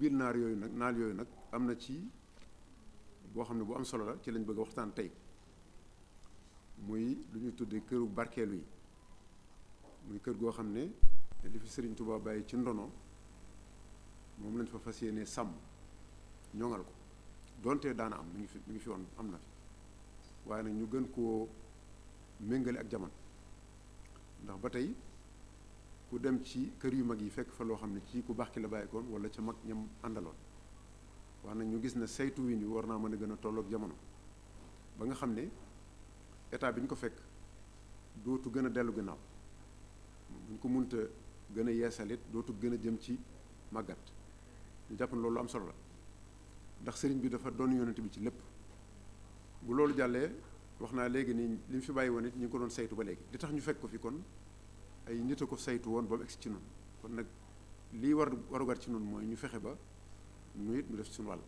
biir naar yooyu nag naal yooyu nag am na ci boo xam ne bu am solo la ci lañ bëgg waxtaan tey muy lu ñu tuddee këru barkeelu yi muy kër goo xam ne li fi Sëriñ Tuubaa bàyyi ci ndono moom lañ fa fas yéene sàmm ñoŋal ko donte daana am mi ngi fi mi ngi fi woon am na fi waaye nag ñu gën koo méngale ak jamono ndax ba tey ku dem ci kër yu mag yi fekk fa loo xam ne ci ku baax ki la bàyyikoon wala ca mag ñam àndaloon wax na ñu gis ne saytu wi ñu war naa mën a gën a tolloog jamono ba nga xam ne état bi ñu ko fekk dootu gën a dellu gannaaw buñ ko munta gën a yeesalit dootu gën a jëm ci màggat ñu jàpp loolu am solo la ndax sëriñ bi dafa doon yonent bi ci lépp bu loolu jàllee wax naa léegi ni li ñu fi bàyyi woon it ñu ngi ko doon saytu ba léegi li tax ñu fekk ko fi kon ay nit a ko saytu woon ba mu egsi ci noonu kon nag lii war warugar ci noonu mooy ñu fexe ba ñu it ñu def suñu wàll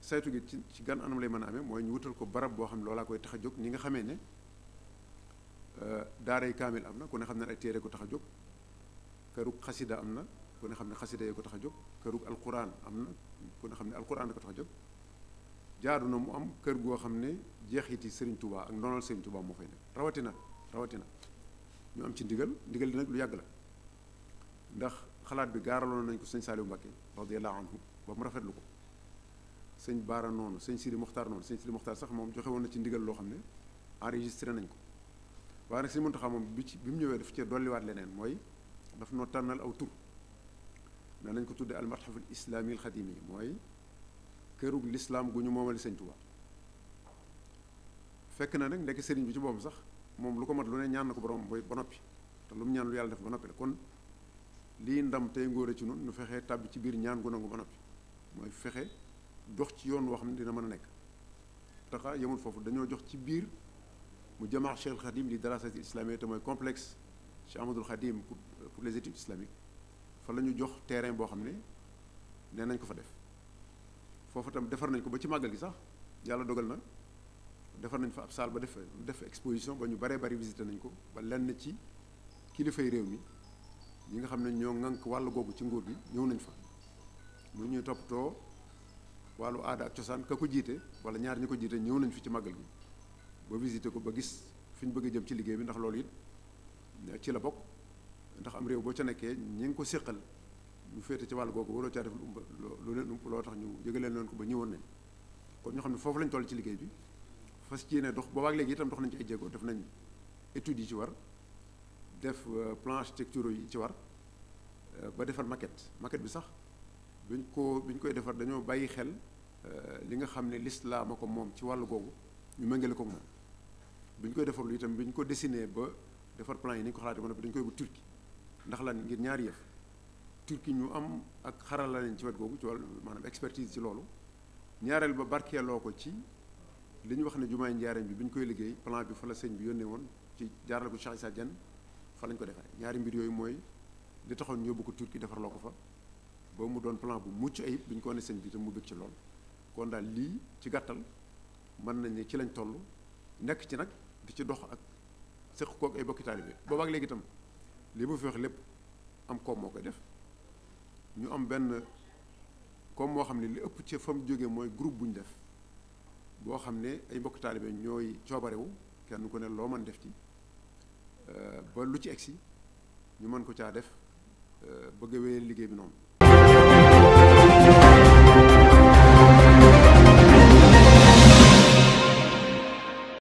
saytu gi ci ci gan anam lay mën a amee mooy ñu wutal ko barab boo xam ne loolaa koy tax a nga xamee ne euh, daaray kaamil am na ku ne xam ne ay téere ko tax a jóg kërug xasida am na ku ne xam ne xasida yi ko tax a jóg kërug alquran am na ku ne xam ne alquran ko tax a jóg jaaru na mu am kër goo xam ne jeexiti Serigne Touba ak ndonal Serigne Touba moo fay nekk rawatina rawatina ñu am ci ndigal ndigal li nag lu yàgg la ndax xalaat bi gaaraloon nañ ko sëñ Saliou Mbacké radiyallahu anhu ba mu rafetlu ko sëñ Baara noonu sëñ Sidi Mokhtar noonu sëñ Sidi Mokhtar sax moom joxe woon na ci ndigal loo xam ne enregistré nañ ko waaye nag sëñ Mountakha moom bi ci bi mu ñëwee daf cee dolliwaat leneen mooy daf noo tànnal aw tur na nañ ko tuddee al matxaful islaamil xadimi mooy këru lislaam gu ñu moomali sëñ Tuubaa fekk na nag ndekk sëriñ bi ci boppam sax moom lu ko mat lu ne ñaan na ko borom ba noppi te lu mu ñaan lu yàlla def ba noppi la kon lii ndam tey ngóore ci noonu nu fexe tàbbi ci biir ñaan gu nangu ba noppi mooy fexe dox ci yoon woo xam ne dina mën a nekk taxa yemul foofu dañoo jox ci biir mu jamaa Cheikh Khadim di darasati islamiyya te mooy complexe Cheikh Ahmadoul Khadim pour pour les études islamiques fa la ñu jox terrain boo xam ne nee nañ ko fa def foofu itam defar nañ ko ba ci màggal gi sax yàlla dogal na defar nañ fa ab salle ba def def exposition ba ñu baree bari visité nañ ko ba lenn ci kilifay réew mi ñi nga xam ne ñoo ŋànk wàll googu ci nguur gi ñëw nañ fa mu ñuy toppatoo wàllu aada ak cosaan jiite wala ñaar ñi ko jiite ñëw nañ fi ci màggal gi ba visité ko ba gis fi ñu bëgg jëm ci liggéey bi ndax loolu it ci la bokk ndax am réew boo ca nekkee ñi ngi ko séqal ñu féete ci wàll googu waroo caa def lu umba loo leen ump loo tax ñu yëgaleen leen ko ba ñëwoon nañ kon ñu xam ne foofu lañ toll ci liggéey bi fas yéene dox boobaak léegi itam dox nañ ci ay jéego def nañ études yi ci war def euh, plan architecturaux yi ci war euh, ba defar maquette maquette bi sax biñ ko biñ koy defar dañoo bàyyi xel euh, li nga xam ne lislaam a ko moom ci wàllu googu ñu méngale ko moom biñ koy defar lu itam biñ ko dessiné ba defar plan yi ni ñu ko xalaatee bi dañ koy yóbbu Turquie ndax lan ngir ñaari yëf Turquie ñu am ak xaral la lañ ci wet googu ci wàllu maanaam expertise ci loolu ñaareel ba barkeeloo ko ci. li ñu wax ne jumaay njaareem bi bi ñu koy liggéey plan bi fa la sëñ bi yónnee woon ci jaarale ko Cheikh Issa Diagne fa lañ ko defare ñaari mbir yooyu mooy li taxoon ñoo bëgg Turquie defarloo ko fa ba mu doon plan bu mucc ayib bi ñu ko wane sëñ bi te mu bëgg ci lool kon daal lii ci gàttal mën nañ ne ci lañ toll nekk ci nag di ci dox ak sëq kook ay bokki taalibe ak léegi itam lii bu fi wax lépp am koom moo koy def ñu am benn koom moo xam ne li ëpp ci fa mu mooy groupe bu ñu def boo xam ne ay mbokk taalibe ñooy coobarewu kenn ku ne loo mën def ci euh, ba lu ci egsi ñu mën ko caa def euh, bëgg a wéyal liggéey bi noonu